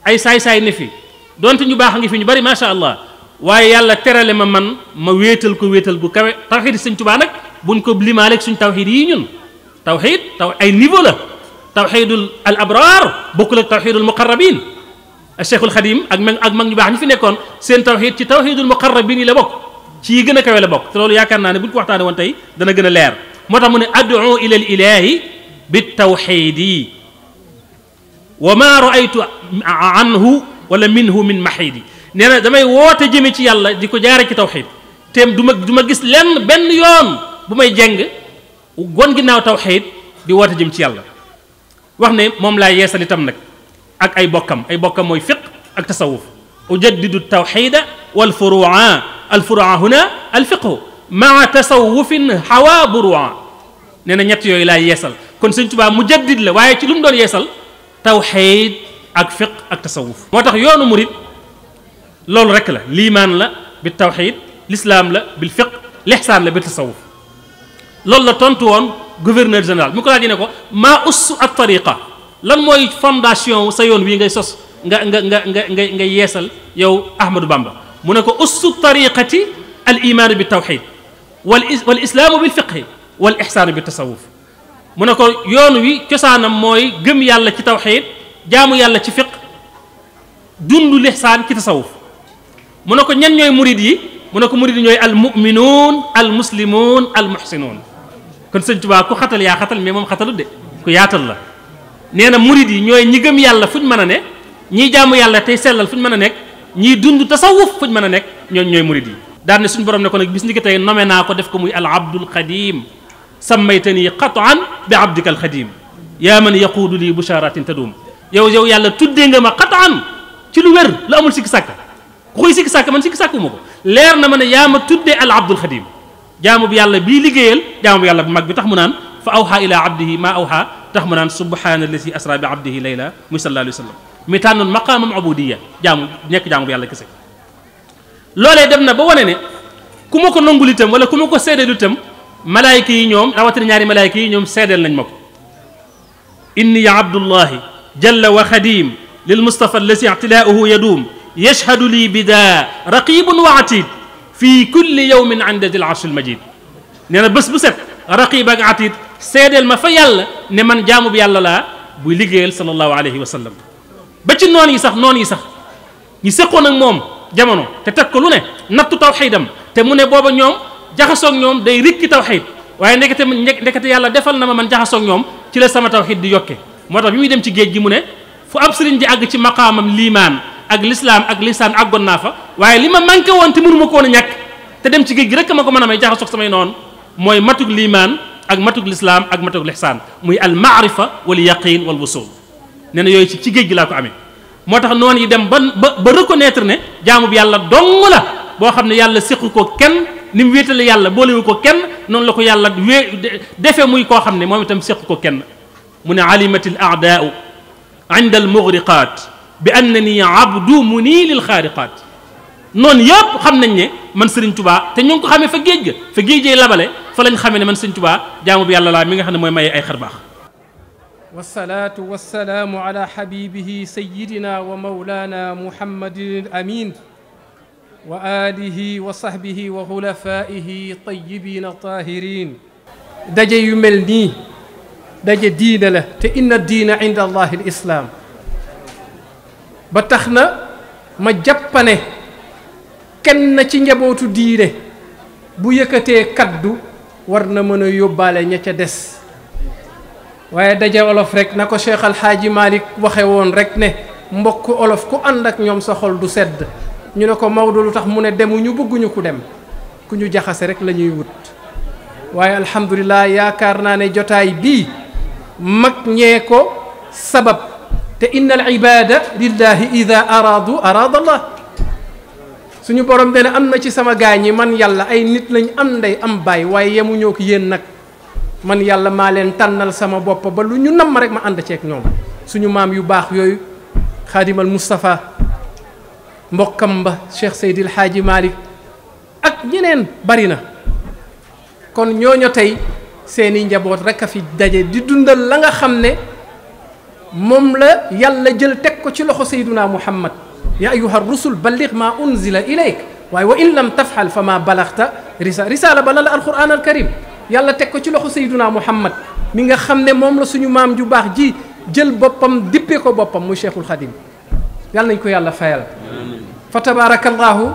ay saay-saay ne fi donte ñu baax ngi fi ñu bari macha allah waaye yàlla terale ma man ma wéetal ko wéetal bu kawe tawxiid sëñ Tuubaa nag buñ ko limaaleeg suñ tawxiid yi ñun tawxiid taw ay niveau la tawxiidul al abraar bokkul ak tawxiidul muqarrabin cheikhul xadim ak mag ak mag ñu baax ñu fi nekkoon seen tawxiid ci tawxiidul muqarrabin yi la bokk ci gën a kawe la bokk te loolu yaakaar naa ne buñ ko waxtaanee woon dana gën a leer moo tax mu ne ad'u ila al ilahi bit tawxidi wa ma raaytu anhu wala minhu min maxidi nee na damay woote jëme ci yàlla di ko jaare ci tawxid te du ma du ma gis lenn benn yoon bu may jeng gon ginnaaw tawxid di woota jëm ci yàlla wax ne moom laa yeesal itam nag ak ay bokkam ay bokkam mooy fiq ak tasawuf ujaddidu tawxida wal furu'a alfuraa huna alfiqhu maa tasawufin hawa burua nee na ñett yooyu laay yeesal kon sëñ Tuubaa mujaddid la waaye ci lu mu doon yeesal tawxiid ak fiq ak tasawuf moo tax yoonu murit loolu rek la liimaan la bi tawxiid lislaam la bil fiq lixsaan la bi tasawuf loolu la tontu woon gouverneur général mu ko laaj ne ko maa ussu at tariqa lan mooy fondation sa yoon wii ngay sos nga nga nga yeesal yow Ahmadou Bamba mu ne ko ussu tariqati al imaanu bi tawxid wal wal islaamu bil fiqhi wal ixsaanu bi tasawuf mu ne ko yoon wi cosaanam mooy gëm yàlla ci tawxid jaamu yàlla ci fiq dund lixsaan ci tasawuf mu ne ko ñan ñooy murid yi mu ne ko murid yi ñooy al muminuun al muslimuun al muxsinuun kon sëñ Tuubaa ku xatal yaa xatal mais moom xatalu de ku yaatal la nee na murid yi ñooy ñi gëm yàlla fu ñu mën a ne ñiy jaamu yàlla tey sellal fu ñu mën a nekk ñiy dund tasawuf fuñ mën a nekk ñooñ ñooy murid yi daal ne suñu borom ne ko nag bis ni ki tey nome naa ko def ko muy al abdul xadim sammaytani qatan bi abdika al xadim yaa man yaquudu lii busharatin tadum yow yow yàlla tuddee nga ma qatan ci lu wér la amul sikki sàkk ku koy sikki sàkk man sikki sàkk uma ko leer na ma ne yaa ma tuddee al abdul xadim jaamu bu yàlla bii liggéeyal jaamu bu yàlla bu mag bi tax mu naan fa awha ila abdihi maa awha tax mu naan subhaana alladi asra bi abdihi layla muy sallallahu alayhi wa sallam mi tànnoon maqaamam ubudiyya jaamu nekk jaamu bu yàlla kese loolee dem na ba wane ne ku ma ko nangul wala ku ma ko seedeelu itam malaayika yi ñoom rawatina ñaari malaayika yi ñoom seedeel nañ ma ko inni ya abdullahi jalla wa xadim lil mustafa allasi ictilaauhu yaduum yashhadu lii bidaa raqibun wa atid fii kulli yawmin inda dil arshil majid nee na bés bu set raqib ak atid seedeel ma fa yàlla ne man jaamu bi yàlla la buy liggéeyal sallallahu alayhi wa sallam ba ci noon yi sax noon yi sax ñu seqoon ak moom jamono te teg ko lu ne nattu tawxiidam te mu ne booba ñoom jaxasoog ñoom day rikki tawxiid waaye ndekete ndekete yàlla defal na ma man jaxasoog ñoom ci la sama tawxiid di yokke moo tax bi muy dem ci géej gi mu ne fu ab sëriñ di àgg ci maqaamam liimaan ak lislaam ak lisaan àggoon naa fa waaye li ma manqué woon te mënu ma ko woon a ñàkk te dem ci géej gi rek ma ko mën a may jaxasoog samay noon mooy matug liimaan ak matug lislaam ak matug lixsaan muy al maarifa wal yaqiin wal wusul nee na yooyu ci ci géej gi laa ko ame moo tax noonu yi dem ba ba reconnaître ne jaamu bi yàlla dong la boo xam ne yàlla séqu ko kenn ni mu wéetale yàlla boolewu ko kenn noonu la ko yàlla wée defe muy koo xam ne moom itam séqu ko kenn mu ne alimatil aadaau inda al mughriqaat bi annani abdu nii lil xaariqaat noonu yëpp xam nañ ne man sëriñ tubaa te ñu ngi ko xamee fa géej ga fa géej gee labale fa lañ xamee ne man sëriñ tubaa jaamu bi yàlla laa mi nga xam ne mooy ay xarbaax wasalaatu wasalaamu ala xabibihi sayidina wa maulana muhammadin amin wa alihi wa sahbihi wa xulafaihi tayibina tahirin daje yu mel nii daje diine la te inna diina inda islaam ba tax na ma jappane kenn ci njabootu diine bu yëkkatee kaddu war na mën a yóbbaale ña ca des waaye daje olof rekk na ko Cheikh Al Hadji waxe woon rek ne mbokk olof ku ànd ak ñoom sa xol du sedd ñu ne ko Maodo lu tax mu ne demuñu bëgguñu ku dem ku ñu jaxase rek la ñuy wut waaye alhamdulilah yaakaar naa ne jotaay bii mag ñee ko sabab te inna al ibada lillahi ida aradu arada allah suñu borom ne am na ci sama gaañ yi man yàlla ay nit lañu am ndey am baay waaye yemuñoo ko yéen nag man yàlla maa leen tànnal sama bopp ba lu ñu namm rek ma ànd ceeg ñoom suñu maam yu baax yooyu xaadimal Moustapha mbokkam ba Cheikh seydi Hadji Malick ak ñeneen bari na kon ñooñu tey seeni njaboot rek a fi daje di dundal la nga xam ne moom la yàlla jël teg ko ci loxo Seyduna Muhammad yaa ayyuha rusul balligh maa unzila ilayk waaye wa in lam tafxal fa ma balaxta risa risaala ba la la alquran alkarim yàlla teg ko ci loxo sayduna muhammad mi nga xam ne moom la suñu maam ju baax ji jël boppam dippee ko boppam mu cheikhul xadim yàlla nañ ko yàlla fayal fa tabaarakallaahu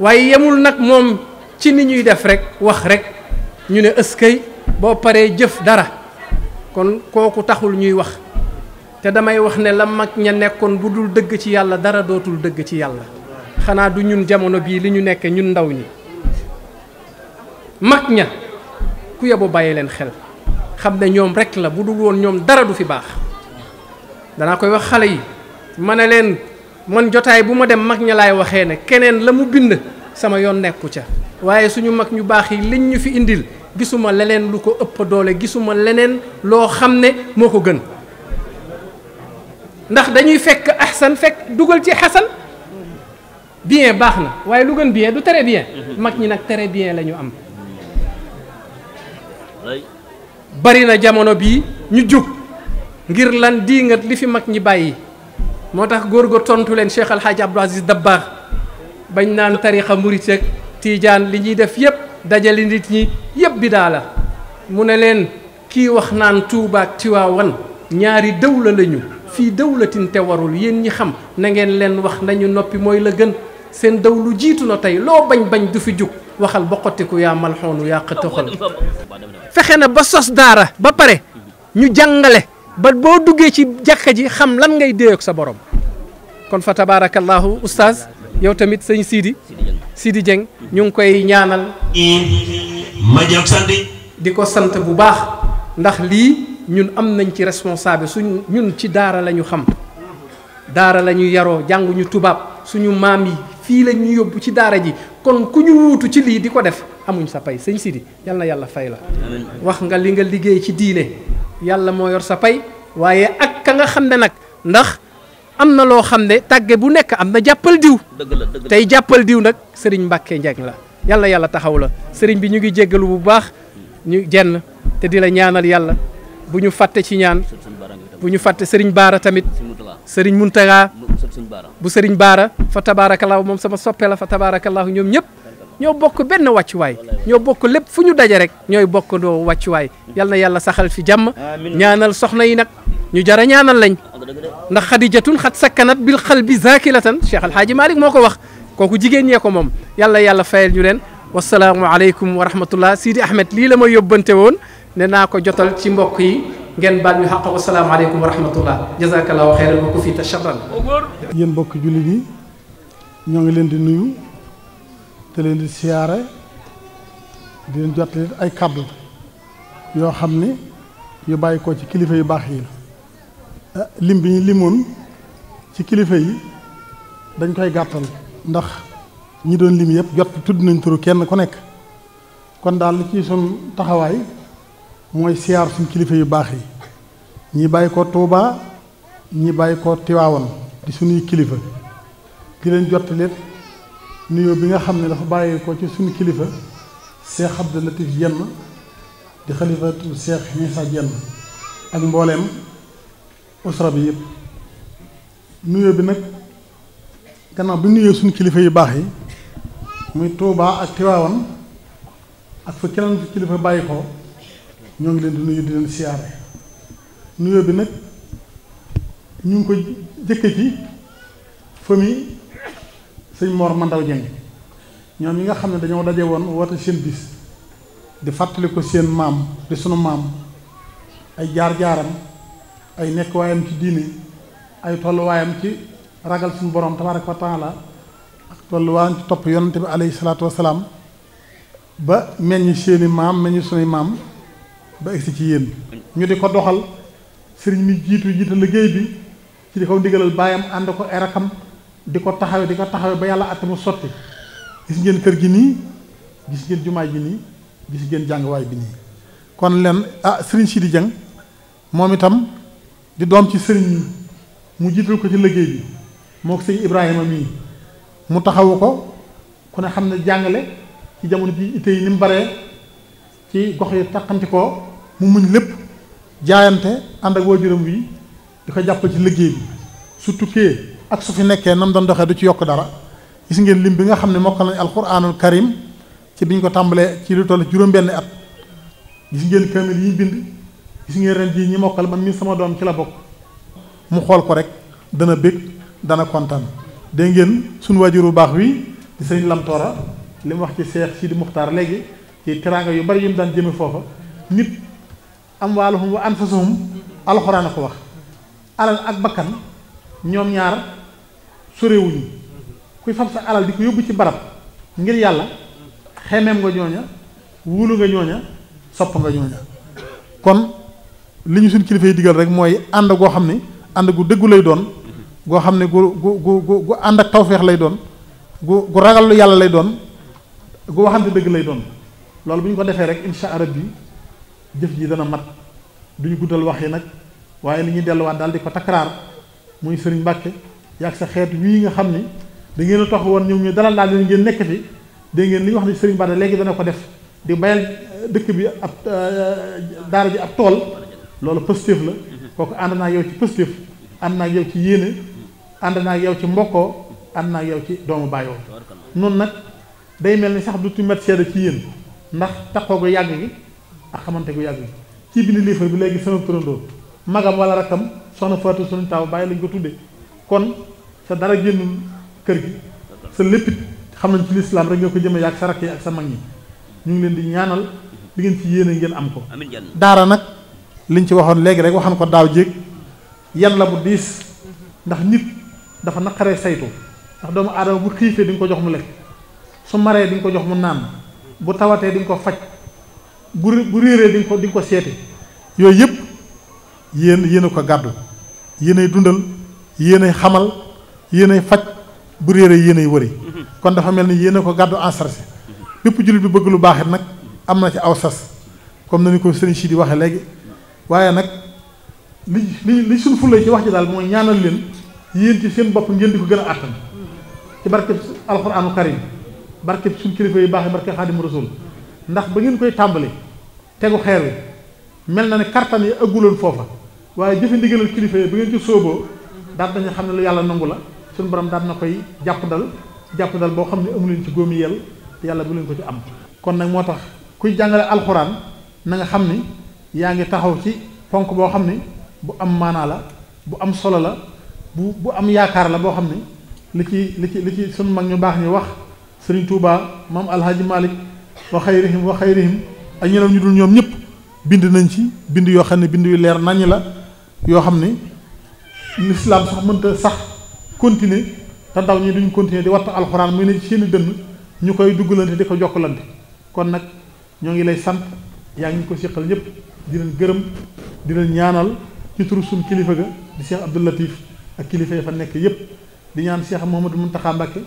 waaye yemul nag moom ci ni ñuy def rek wax rek ñu ne ëskay boo paree jëf dara kon kooku taxul ñuy wax te damay wax ne la mag ña nekkoon bu dul dëgg ci yàlla dara dootul dëgg ci yàlla xanaa du ñun jamono bii li ñu nekk ñun ndaw ñi mag ña ku yeboo bàyyi leen xel xam ne ñoom rek la bu dul woon ñoom dara du fi baax danaa koy wax xale yi ma ne leen man jotaay bu ma dem mag ña laay waxee ne keneen la mu bind sama yoon nekku ca waaye suñu mag ñu baax yi liñ ñu fi indil gisuma leneen lu ko ëpp doole gisuma leneen loo xam ne moo ko gën ndax dañuy fekk ahsan fekk dugal ci xasan bien baax na waaye lu gën bien du très bien mm-hmm. mag ñi nag très bien lañu am bari na jamono bii ñu jóg ngir lan diingat li fi mag ñi bàyyi moo tax góor ga tontu leen Cheikh Al Hadj Abdou bañ naan tarixa murit ak tiijaan li ñuy def yépp dajale nit ñi yépp bi daala mu ne leen kiy wax naan Tuuba ak Tiwaawan ñaari dawla lañu fii dawlatin te warul yéen ñi xam na ngeen leen wax nañu noppi mooy la gën seen dawlu jiitu na tey loo bañ bañ du fi jug waxal ba xottiku yaa malxoonu yaa xëttaxal fexe na ba sos daara ba pare ñu jàngale ba boo duggee ci jàkka ji xam lan ngay déyoog sa borom kon fa tabaarakallaahu oustaz yow tamit sëñ Sidi Sidi Dieng ñu ngi koy ñaanal ma di ko sant bu baax ndax lii ñun am nañ ci responsable suñ ñun ci daara la ñu xam daara la ñu yaroo jànguñu tubaab suñu maam yi fii la ñu yóbbu ci daara ji kon ku ñu wuutu ci lii di ko def amuñ sa pay sëñ Sidi yal na yàlla fay la wax nga li nga liggéey ci diine yàlla moo yor sa pay waaye ak ka nga xam ne nag ndax am na loo xam ne tàgge bu nekk am na jàppal diw tey jàppal diw nag sëriñ Mbàkke Njeng la yàlla yàlla taxaw la sëriñ bi ñu ngi jéggalu bu baax ñu jenn te di la ñaanal yàlla bu ñu fàtte ci ñaan bu ñu fàtte sëriñ Baara tamit sëriñ Muntaga bu sëriñ Baara fa tabaarakallaahu moom sama soppe la fa tabaarakallaahu ñoom ñëpp ñoo bokk benn wàccuwaay ñoo bokk lépp fu ñu daje rek ñooy bokkandoo wàccuwaay yal na yàlla saxal fi jàmm ñaanal soxna yi nag ñu jara ñaanal lañ ndax xadijatun xat sakkanat bil xal bi zakilatan Cheikh Alhaaji Malick moo ko wax kooku jigéen ñee ko moom yàlla yàlla fayal ñu leen wasalaamu aleykum wa rahmatullah Sidi Ahmed lii la ma yóbbante woon ne naa ko jotal ci mbokk yi ngeen baal ñu xàq wa salaamaaleykum wa rahmatullah jazakallahu xeyran wa kufita sharran yéen mbokk jullit yi ñoo ngi leen di nuyu te leen di siyaare di leen jot ay kàddu yoo xam ni yu bàyyi ko ci kilifa yu baax yi la eh, lim bi ñu limoon ci kilifa yi dañ koy gàttal ndax ñi doon lim yëpp jot tudd nañ turu kenn ku nekk kon daal li ci sun taxawaay mooy siyaar suñ kilifa yu baax yi ñi bàyyi ko Touba ñi bàyyi ko Tiwaawan di suñuy kilifa di leen jot leen nuyoo bi nga xam ne dafa bàyyi ko ci suñu kilifa Cheikh Abdou Latif Diène di xalifatu Cheikh Missa Diène ak mbooleem usra bi yëpp nuyoo bi nag gannaaw bi nuyoo suñu kilifa yu baax yi muy Touba ak Tiwaawan ak fa keneen fi kilifa bàyyi ko ñoo ngi leen di nuyu di leen siyaare nuyoo bi nag ñu ngi ko jëkke ci famille sëñ Mor Mandaw Dieng ñoom ñi nga xam ne dañoo daje woon woote seen bis di fàttali ko seen maam di sunu maam ay jaar-jaaram ay nekk nekkuwaayam ci diine ay tolluwaayam ci ragal suñu borom tabaaraka wa taala ak tolluwaayam ci topp yonante bi alayhi salaatu wa salaam ba meññ seeni maam meññ sunuy maam ba egsi ci yéen ñu di ko doxal sëriñ mi jiitu jiite liggéey bi ci di ko ndigalal baayam ànd ko ay rakam di ko taxawe di ko taxawe ba yàlla at mu sotti gis ngeen kër gi nii gis ngeen jumaay ji nii gis ngeen jànguwaay bi nii kon leen ah sëriñ Sidi Dieng moom itam di doom ci sëriñ mi mu jiital ko ci liggéey bi moo ko sëñ Ibrahima mii mu taxawu ko ku ne xam ne jàngale ci jamono bi itte yi ni mu baree ci gox yi taqanti ko mu muñ lépp jaayante ànd ak waajuram wi di ko jàppal ci liggéey bi su tukkee ak su fi nekkee nam doon doxee du ci yokk dara gis ngeen lim bi nga xam ne mokkal nañ alquranul karim ci bi biñ ko tàmbalee ci lu toll juróom-benn at gis ngeen kamil yi bind gis ngeen ren jii ñi mokkal man mii sama doom ci la bokk mu xool ko rek dana bég dana kontaan dégg ngeen suñu waajur wu baax wi di sëñ Lamtoora li mu wax ci Seex di Muxtaar léegi ci teraanga yu bari yu daan jëme foofa am amwaaluhum wa anfusuhum alxuraan a ko wax alal ak bakkan ñoom ñaar sorewuñu kuy fab sa alal di ko yóbbu ci barab ngir yàlla xemeem nga ñooña wuulu nga ñooña sopp nga ñooña kon li ñu suñ kilifa yi digal rek mooy ànd goo xam ne ànd gu dëggu lay doon goo xam ne gu gu gu gu ànd ak tawfeex lay doon gu gu ragal lu yàlla lay doon gu waxante dëgg lay doon loolu bu ñu ko defee rek insha Allah bi jëf ji dana mat duñu guddal wax yi nag waaye li ñuy delluwaat daal di ko takraar muy sëriñ Mbàkke yaag sa xeet wii nga xam ni da ngeen a tax woon ñëw ñu dalal daal leen ngeen nekk fi dégg ngeen li wax ni sëriñ Bada léegi dana ko def di bayal euh, dëkk bi ab euh, daara ji ab tool loolu positif la kooku ànd naa yow ci positif ànd naa yow ci yéene ànd naa yow ci mbokkoo ànd naa yow ci doomu bàyyoo noonu nag day mel ni sax du ci met ci yéen ndax taxoo gu yàgg ak xamante gu yàgg ci bind liifar bi léegi sama turandoo magam wala rakkam soxna Fatou suñu taaw bàyyi lañ ko tudde kon sa dara génnul kër gi sa léppit xam nañ ci lislaam rek nga ko jëme yàgg sa rakk yi ak sa mag ñi ñu ngi leen di ñaanal li ngeen ci yéene ngeen am ko daara nag liñ ci waxoon léegi rek waxan ko daaw jéeg yan la bu diis ndax nit dafa naqaree saytu ndax doomu aadama bu xiifee di ko jox mu lekk su maree di ko jox mu naan bu tawatee di nga ko faj bu bu réeree di ko di ko seeti yooyu yëpp yéen yéen ko gàddu yéen ay dundal yéen ay xamal yéen ay faj bu réeree yéen ay wëri kon dafa mel ni yéen a ko gàddu en charge bépp jullit bi bëgg lu baax nag am na ci aw sas comme na ni ko sëriñ si di waxee léegi waaye nag li li li suñ fulla ci wax ji daal mooy ñaanal leen yéen ci seen bopp ngeen di ko gën a àttan ci barkeb alxuraanu karim barkeb suñ kilifa yu baax yi barkeb xaadimu rasul ndax ba ngeen koy tàmbali tegu xeer wi mel na ne kartan yi ëgguloon foofa waaye jëfe ndigalal kilifa yi ba ngeen ci sóoboo daal dañu xam ne lu yàlla nangu la suñu borom daal na koy jàpp dal jàpp dal boo xam ne amu leen ci góom yel yàlla bu leen ko ci am kon nag moo tax kuy jàngale alxuraan na nga xam ni yaa ngi taxaw ci ponk boo xam ni bu am maanaa la bu am solo la bu bu am yaakaar la boo xam ni li ci li ci li ci sunu mag ñu baax ñu wax sëriñ Touba maam Alhaji Malick wa xayrihim wa xayrihim ak ñeneen ñu dul ñoom ñëpp bind nañ ci bind yoo xam ne bind yu leer nañ la yoo xam ne lislaam sax mënta sax continuer te ndaw ñi duñu continuer di watta alxuraan muy ne ci seeni dënn ñu koy duggalante di ko jokkalante kon nag ñoo ngi lay sant yaa ngi ko siqal ñëpp di leen gërëm di leen ñaanal ci turu suñ kilifa ga di Cheikh Abdou Latif ak kilifa yi fa nekk yépp di ñaan Cheikh Mouhamadou Mountakha Mbacké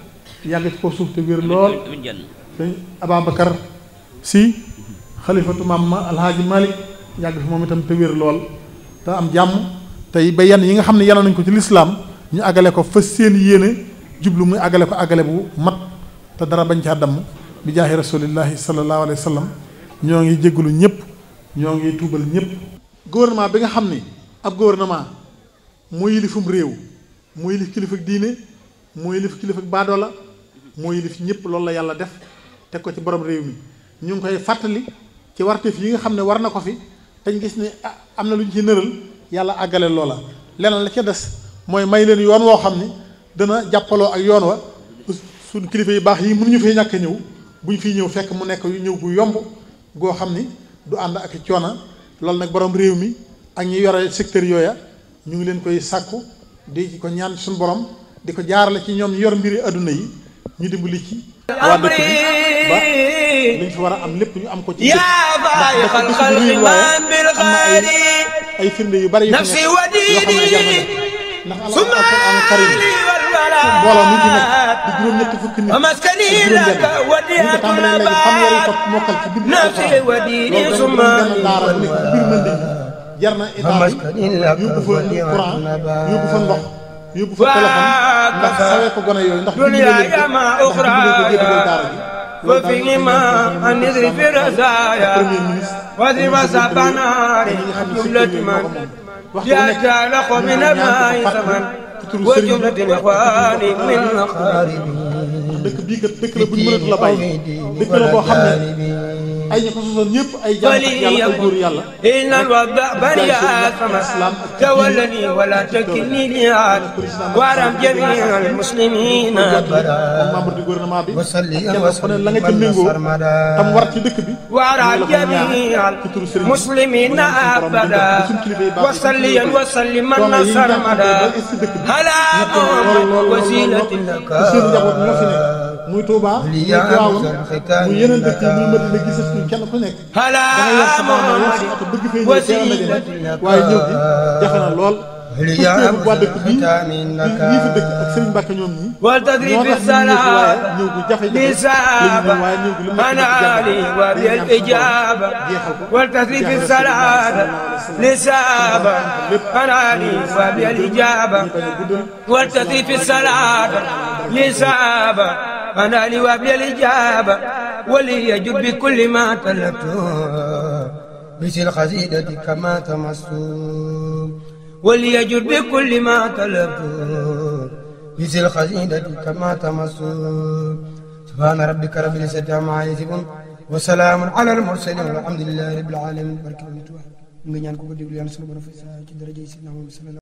yàgg ci ko suuf te wér lool sëñ Ababacar si xalifa maam ma alhaaji Malick yàgg fi moom itam te lool te am jàmm tey ba yan yi nga xam ne yenoon nañ ko ci lislaam ñu agale ko fa seen yéene jublu muy agale ko agale bu mat te dara bañ caa damm bi jaahi rasulillahi sallallahu alayhi wa sallam ñoo ngi jégalu ñëpp ñoo ngi tuubal ñëpp gouvernement bi nga xam ni ab gouvernement moo yilifum réew moo yilif kilifa diine moo yilif kilifa baadoola moo yilif ñëpp loolu la yàlla def teg ko ci borom réew mi ñu ngi koy fàttali ci wartif yi nga xam ne war na ko fi dañ gis ni ne ah, am na lu ñu ci nëral yàlla àggale loola leneen la ca des mooy may leen yoon woo xam ne dana jàppaloo ak yoon wa suñ kilifa yu baax yi ñu fee ñàkk ñëw bu ñu fiy ñëw fekk mu nekk ñëw bu yomb goo xam ni du ànd ak coona loolu nag boroom réew mi ak ñi yore secteur yooya ñu ngi leen koy sàkku di ko ñaan suñu borom di ko jaarale ci ñoom ñu yor mbiri àdduna yi ñu dimbali ci waa dëkk bi ba li ñu fi war a am lépp ñu am ko ci dëkk ndax dafa dëkk bu rëy waaye am na ay ay firnde yu bari yu fi nekk yoo xam ne jar na ndax alxuraan karim mbooloo mi ci nekk di juróom-ñetti fukki nit di juróom-benn bu ñu ko tàmbalee léegi fanweeri ko mokkal ci bind alxuraan loolu benn daara bu nekk biir mën jar na état bi yóbbu fa courant yóbbu fa ndox yóbbu fa téléphone ndax xawee ko gone yooyu ndax dimbali leen ko ndax dimbali ko jéem a daara ji loolu daal di ko def ci dëkk bii kat dëkk la bu ñu mënatu la bàyyi dëkk la boo xam ne ay ñi ko sosoon ñëpp ay jàmm ak wala takilni li waram jamial muslimina bara membre du gouvernement bi ku ne la nga ca méngoo tam war ci dëkk bi waram jamial muy Touba muy Tiwaawan muy yeneen dëkk yi muy Madina gisat ñu ku nekk danga yor a na lool surtout bu waa dëkk bii ñii fi dëkk ak Serigne Mbacke ñoom ñii moo tax ñu ñëw fi waaye أنا لواب للإجابة وليجب بكل ما طلبت مثل الخزيدة كما تمست وليجب بكل ما طلبت مثل الخزيدة كما تمست سبحان ربك رب العزة عما يصفون وسلام على المرسلين والحمد لله رب العالمين barke Sëriñ Tuubaa nga ñaan ko ko déglu yàlla sunu borom fa ci daraja Seydina Muhammad